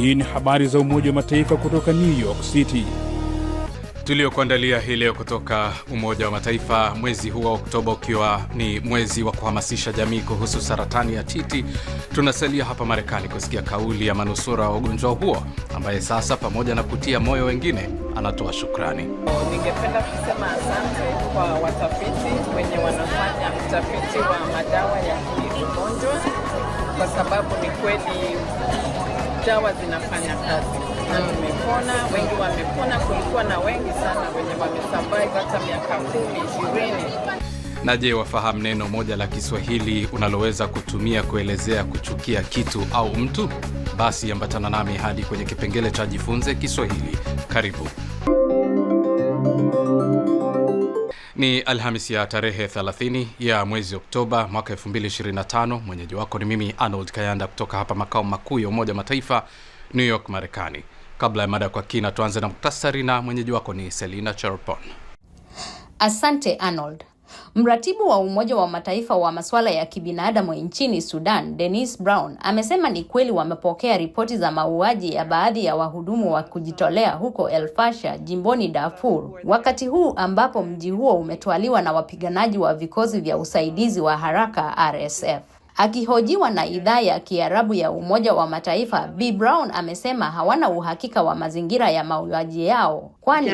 Hii ni habari za Umoja wa Mataifa kutoka New York City tuliokuandalia hii leo kutoka Umoja wa Mataifa, mwezi huu wa Oktoba ukiwa ni mwezi wa kuhamasisha jamii kuhusu saratani ya titi. Tunasalia hapa Marekani kusikia kauli ya manusura wa ugonjwa huo ambaye sasa, pamoja na kutia moyo wengine, anatoa shukrani. Ningependa kusema asante kwa watafiti wenye wanafanya utafiti wa madawa ya hili ugonjwa, kwa sababu ni kweli dawa zinafanya kazi na tumepona, wengi wamepona. Kulikuwa na wengi sana wenye wamesurvive hata miaka kumi ishirini. Na je, wafahamu neno moja la Kiswahili unaloweza kutumia kuelezea kuchukia kitu au mtu? Basi ambatana nami hadi kwenye kipengele cha jifunze Kiswahili. Karibu. Ni Alhamis ya tarehe 30 ya mwezi Oktoba mwaka 225 Mwenyeji wako ni mimi Arnold Kayanda kutoka hapa makao makuu ya Umoja wa Mataifa, New York, Marekani. Kabla ya mada kwa kina, tuanze na muktasari na mwenyeji wako ni Selina charpon Asante Arnold. Mratibu wa Umoja wa Mataifa wa masuala ya kibinadamu nchini Sudan, Denise Brown, amesema ni kweli wamepokea ripoti za mauaji ya baadhi ya wahudumu wa kujitolea huko El Fasher, jimboni Darfur, wakati huu ambapo mji huo umetwaliwa na wapiganaji wa vikosi vya usaidizi wa haraka RSF. Akihojiwa na idhaa ya Kiarabu ya Umoja wa Mataifa, b Brown amesema hawana uhakika wa mazingira ya mauaji yao kwani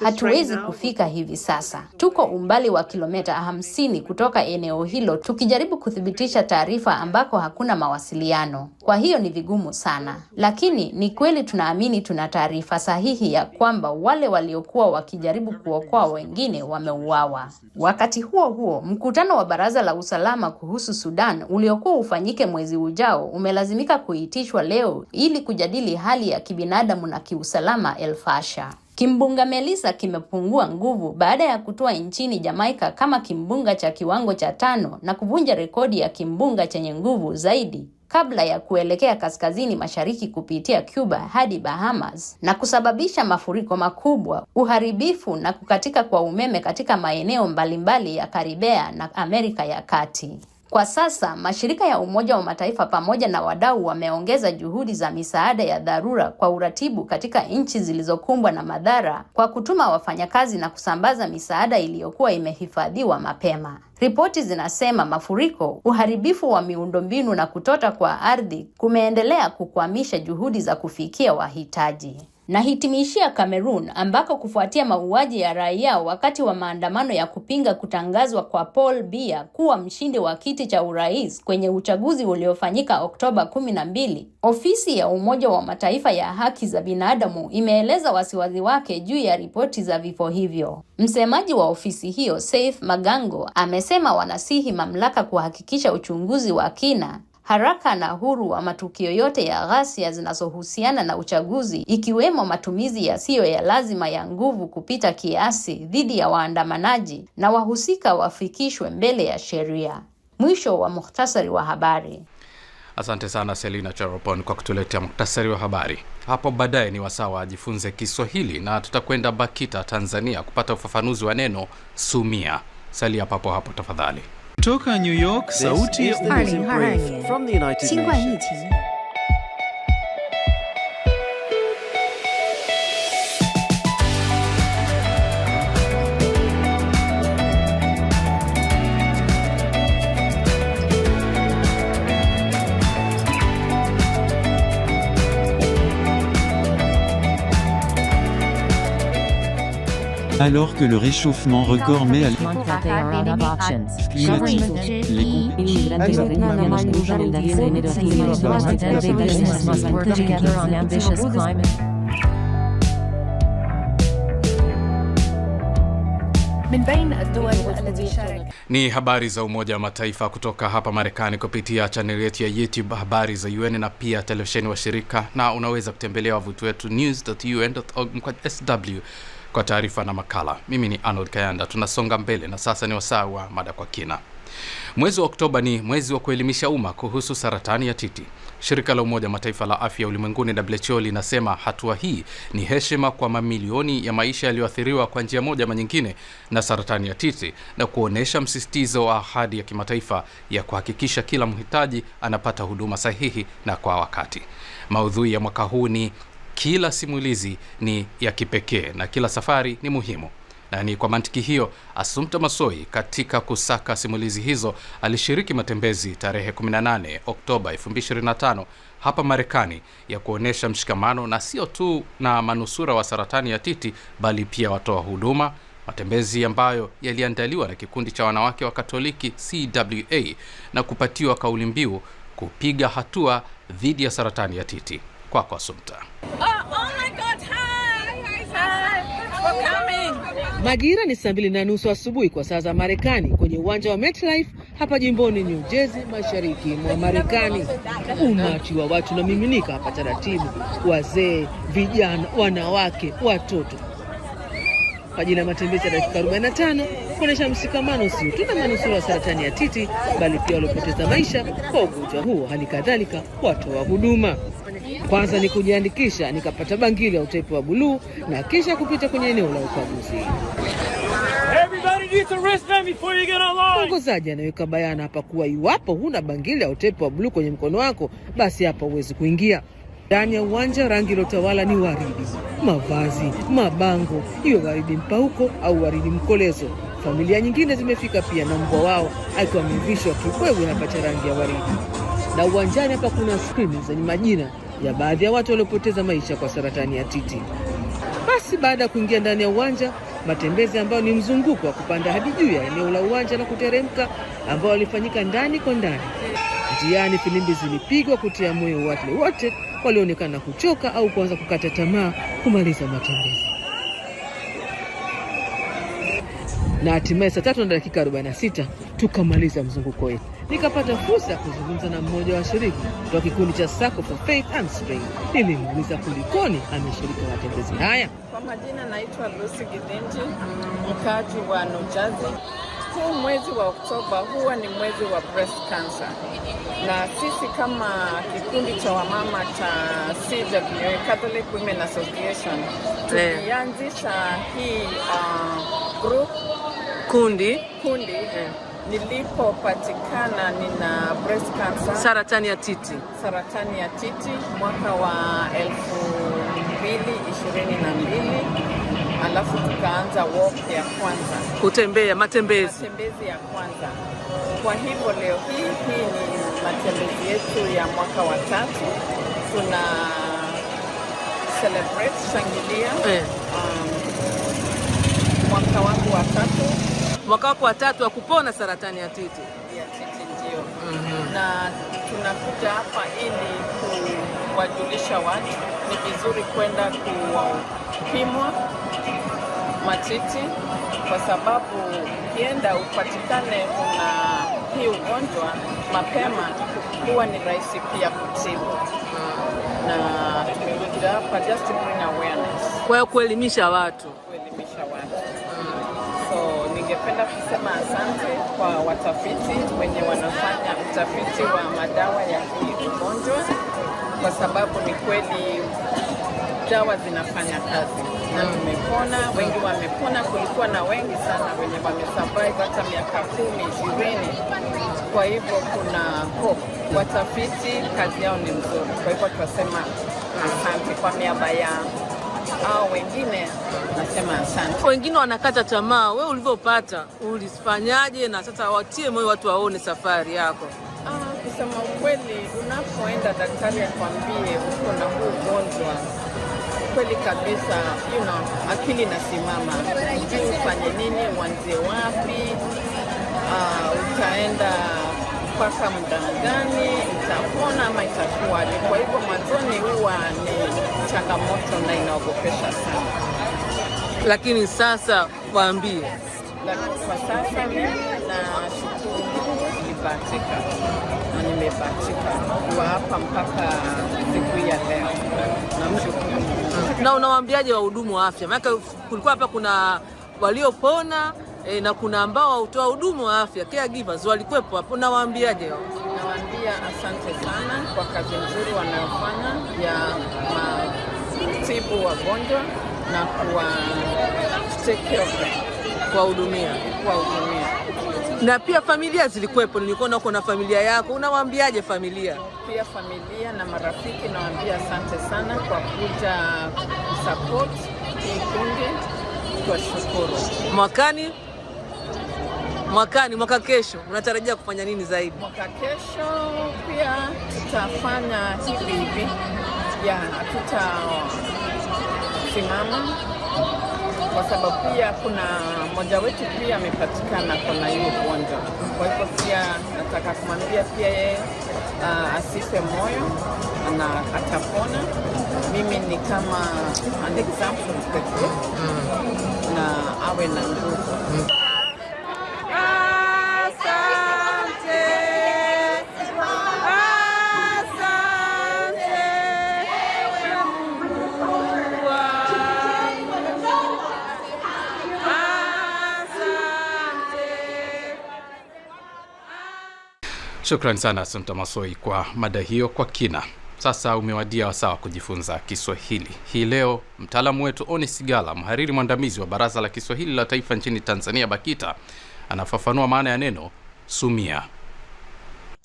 hatuwezi kufika hivi sasa. Tuko umbali wa kilomita hamsini kutoka eneo hilo, tukijaribu kuthibitisha taarifa ambako hakuna mawasiliano. Kwa hiyo ni vigumu sana, lakini ni kweli tunaamini tuna taarifa sahihi ya kwamba wale waliokuwa wakijaribu kuokoa wengine wameuawa. Wakati huo huo, mkutano wa Baraza la Usalama kuhusu Sudan uliokuwa ufanyike mwezi ujao umelazimika kuitishwa leo ili kujadili hali ya kibinadamu na kiusalama Elfasher. Russia. Kimbunga Melissa kimepungua nguvu baada ya kutua nchini Jamaica kama kimbunga cha kiwango cha tano na kuvunja rekodi ya kimbunga chenye nguvu zaidi kabla ya kuelekea kaskazini mashariki kupitia Cuba hadi Bahamas na kusababisha mafuriko makubwa, uharibifu na kukatika kwa umeme katika maeneo mbalimbali ya Karibea na Amerika ya Kati. Kwa sasa mashirika ya Umoja wa Mataifa pamoja na wadau wameongeza juhudi za misaada ya dharura kwa uratibu katika nchi zilizokumbwa na madhara kwa kutuma wafanyakazi na kusambaza misaada iliyokuwa imehifadhiwa mapema. Ripoti zinasema mafuriko, uharibifu wa miundombinu na kutota kwa ardhi kumeendelea kukwamisha juhudi za kufikia wahitaji. Nahitimishia Cameroon ambako kufuatia mauaji ya raia wakati wa maandamano ya kupinga kutangazwa kwa Paul Biya kuwa mshindi wa kiti cha urais kwenye uchaguzi uliofanyika Oktoba 12, ofisi ya Umoja wa Mataifa ya haki za binadamu imeeleza wasiwasi wake juu ya ripoti za vifo hivyo. Msemaji wa ofisi hiyo Saif Magango amesema wanasihi mamlaka kuhakikisha uchunguzi wa kina haraka na huru wa matukio yote ya ghasia zinazohusiana na uchaguzi ikiwemo matumizi yasiyo ya lazima ya nguvu kupita kiasi dhidi ya waandamanaji na wahusika wafikishwe mbele ya sheria. Mwisho wa muhtasari wa habari. Asante sana Selina Charopon kwa kutuletea muktasari wa habari. Hapo baadaye ni wasawa ajifunze Kiswahili na tutakwenda Bakita, Tanzania kupata ufafanuzi wa neno sumia. Salia papo hapo tafadhali. 二零二二年，新冠疫情。alors que le réchauffement record met à Ni habari za Umoja wa Mataifa kutoka hapa Marekani kupitia chaneli yetu ya YouTube habari za UN na pia televisheni wa shirika, na unaweza kutembelea wavuti wetu news.un.org/sw kwa taarifa na makala. Mimi ni Arnold Kayanda. Tunasonga mbele na sasa ni wasaa wa mada kwa kina. Mwezi wa Oktoba ni mwezi wa kuelimisha umma kuhusu saratani ya titi. Shirika la Umoja Mataifa la Afya Ulimwenguni WHO linasema hatua hii ni heshima kwa mamilioni ya maisha yaliyoathiriwa kwa njia moja ama nyingine na saratani ya titi na kuonyesha msisitizo wa ahadi ya kimataifa ya kuhakikisha kila mhitaji anapata huduma sahihi na kwa wakati. Maudhui ya mwaka huu ni kila simulizi ni ya kipekee na kila safari ni muhimu. Na ni kwa mantiki hiyo, asumta masoi katika kusaka simulizi hizo alishiriki matembezi tarehe 18 Oktoba 2025 hapa Marekani ya kuonesha mshikamano na sio tu na manusura wa saratani ya titi bali pia watoa huduma, matembezi ambayo yaliandaliwa na kikundi cha wanawake wa Katoliki CWA na kupatiwa kauli mbiu kupiga hatua dhidi ya saratani ya titi kwako kwa Sumta. Oh, oh my God, hi. Hi, Majira ni saa mbili na nusu asubuhi kwa saa za Marekani kwenye uwanja wa MetLife hapa jimboni New Jersey, mashariki mwa Marekani. Umati wa watu unamiminika hapa taratibu, wazee, vijana, wanawake, watoto kwa ajili ya matembezi ya dakika 45 kuonyesha msikamano sio tu na manusura wa saratani ya titi, bali pia waliopoteza maisha kwa ugonjwa huo, hali kadhalika watoa huduma. Kwanza ni kujiandikisha nikapata bangili ya utepe wa buluu na kisha kupita kwenye eneo la ukaguzi. Mwongozaji anaweka bayana hapa kuwa iwapo huna bangili ya utepe wa buluu kwenye mkono wako, basi hapa huwezi kuingia ndani ya uwanja. Rangi iliyotawala ni waridi. Mavazi, mabango, iwe waridi mpauko au waridi mkolezo. Familia nyingine zimefika pia na mbwa wao akiwa amevishwa kibwebwe hapa cha rangi ya waridi. Na uwanjani hapa kuna skrini zenye majina ya baadhi ya watu waliopoteza maisha kwa saratani ya titi. Basi baada ya kuingia ndani ya uwanja, matembezi ambayo ni mzunguko wa kupanda hadi juu ya eneo la uwanja na kuteremka, ambao walifanyika ndani kwa ndani. Njiani filimbi zilipigwa kutia moyo wale wote walioonekana kuchoka au kuanza kukata tamaa kumaliza matembezi. Na hatimaye saa tatu na dakika 46 tukamaliza mzunguko wetu nikapata fursa ya kuzungumza na mmoja wa washiriki kutoka kikundi cha Sacco for Faith and Strength. Nilimuuliza kulikoni ameshiriki matembezi haya. Kwa majina naitwa Lucy Gidinji, mm, mkaji wa Nojazi. Huu mwezi wa Oktoba huwa ni mwezi wa breast cancer, na sisi kama kikundi cha wamama cha CWA, Catholic Women Association, tulianzisha hii uh, group kundi kundi yeah nilipopatikana nina breast cancer, saratani ya titi, saratani ya titi mwaka wa 2022 alafu tukaanza walk ya kwanza, kutembea matembezi, matembezi ya kwanza. Kwa hivyo leo hii hii ni matembezi yetu ya mwaka wa tatu, tuna celebrate, shangilia, yeah. um, mwaka wangu wa tatu mwaka wako wa tatu wa kupona saratani ya titi ya titi ndio. mm -hmm. Na tunakuja hapa ili kuwajulisha watu ni vizuri kwenda kupimwa matiti, kwa sababu ukienda upatikane una hii ugonjwa mapema, huwa ni rahisi pia kutibu. Mhm. Na tumekuja hapa just to bring awareness, kwa kuelimisha watu ningependa kusema asante kwa watafiti wenye wanafanya utafiti wa madawa ya hii ugonjwa, kwa sababu ni kweli dawa zinafanya kazi na tumepona, wengi wamepona. Kulikuwa na wengi sana wenye wamesurvive hata miaka kumi ishirini. Kwa hivyo kuna hope, watafiti kazi yao ni nzuri. Kwa hivyo tunasema asante kwa niaba ya au wengine, nasema asante. Wengine wanakata tamaa, wewe ulivyopata ulifanyaje? Na sasa watie moyo watu waone safari yako. Ah, kusema ukweli, unapoenda daktari akwambie uko na huu ugonjwa kweli kabisa, you know, akili inasimama, ufanye nini, uanze wapi? Uh, utaenda mpaka muda gani itapona ama itakuwaje? Kwa hivyo mwanzoni huwa ni changamoto na inaogopesha sana, lakini sasa waambie, kwa sasa mimi nashukuru nilibahatika na nimebahatika kuwa hapa mpaka siku ya leo, namshukuru. Na unawaambiaje wahudumu wa afya? Maana kulikuwa hapa kuna waliopona e, na kuna ambao hutoa huduma wa afya caregivers walikuwepo hapo, na waambiaje? Nawaambia asante sana kwa kazi nzuri wanayofanya ya matibu wagonjwa na kuwa kuwahudumia kuwahudumia na pia familia zilikuwepo, nilikuwa nako na familia yako, unawaambiaje familia? Pia familia na marafiki nawaambia asante sana kwa kuja support hii kundi, kwa shukuru mwakani Mwakani, mwaka kesho unatarajia kufanya nini zaidi? Mwaka kesho pia tutafanya hivi hivi ya tutasimama kwa sababu pia kuna mmoja wetu pia amepatikana kona hiyo ugonjwa. Kwa hivyo pia nataka kumwambia pia yeye uh, ah, asife moyo na atapona. Mimi ni kama an example to mm. na awe na nguvu. Shukran sana Assumpta Masoi kwa mada hiyo kwa kina. Sasa umewadia wasaa wa kujifunza Kiswahili hii leo. Mtaalamu wetu Oni Sigala, mhariri mwandamizi wa Baraza la Kiswahili la Taifa nchini Tanzania, BAKITA, anafafanua maana ya neno sumia.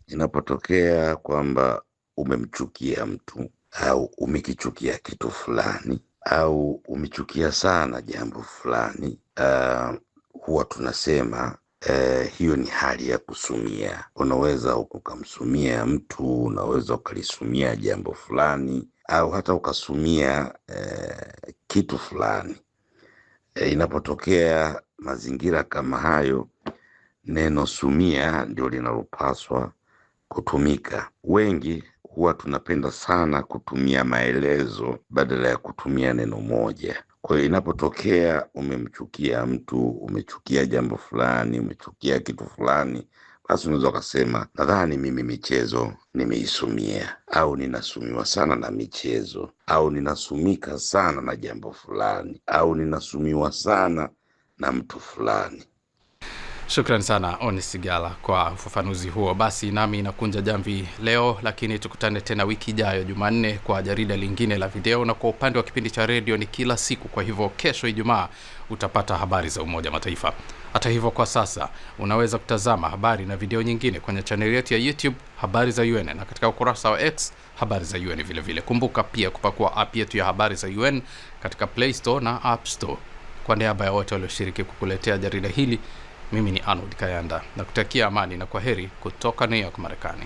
Inapotokea kwamba umemchukia mtu au umekichukia kitu fulani au umechukia sana jambo fulani, uh, huwa tunasema eh, hiyo ni hali ya kusumia. Unaweza ukamsumia mtu, unaweza ukalisumia jambo fulani, au hata ukasumia eh, kitu fulani. Eh, inapotokea mazingira kama hayo, neno sumia ndio linalopaswa kutumika. Wengi huwa tunapenda sana kutumia maelezo badala ya kutumia neno moja. Kwa hiyo inapotokea umemchukia mtu, umechukia jambo fulani, umechukia kitu fulani, basi unaweza ukasema nadhani mimi michezo nimeisumia, au ninasumiwa sana na michezo, au ninasumika sana na jambo fulani, au ninasumiwa sana na mtu fulani. Shukran sana Onis Gala kwa ufafanuzi huo. Basi nami nakunja jamvi leo, lakini tukutane tena wiki ijayo Jumanne kwa jarida lingine la video, na kwa upande wa kipindi cha redio ni kila siku. Kwa hivyo kesho Ijumaa utapata habari za Umoja Mataifa. Hata hivyo, kwa sasa unaweza kutazama habari na video nyingine kwenye chaneli yetu ya YouTube habari za UN na katika ukurasa wa X habari za UN vilevile vile. Kumbuka pia kupakua app yetu ya habari za UN katika Play Store na App Store. Kwa niaba ya wote walioshiriki kukuletea jarida hili mimi ni Arnold Kayanda na kutakia amani na kwa heri kutoka New York, Marekani.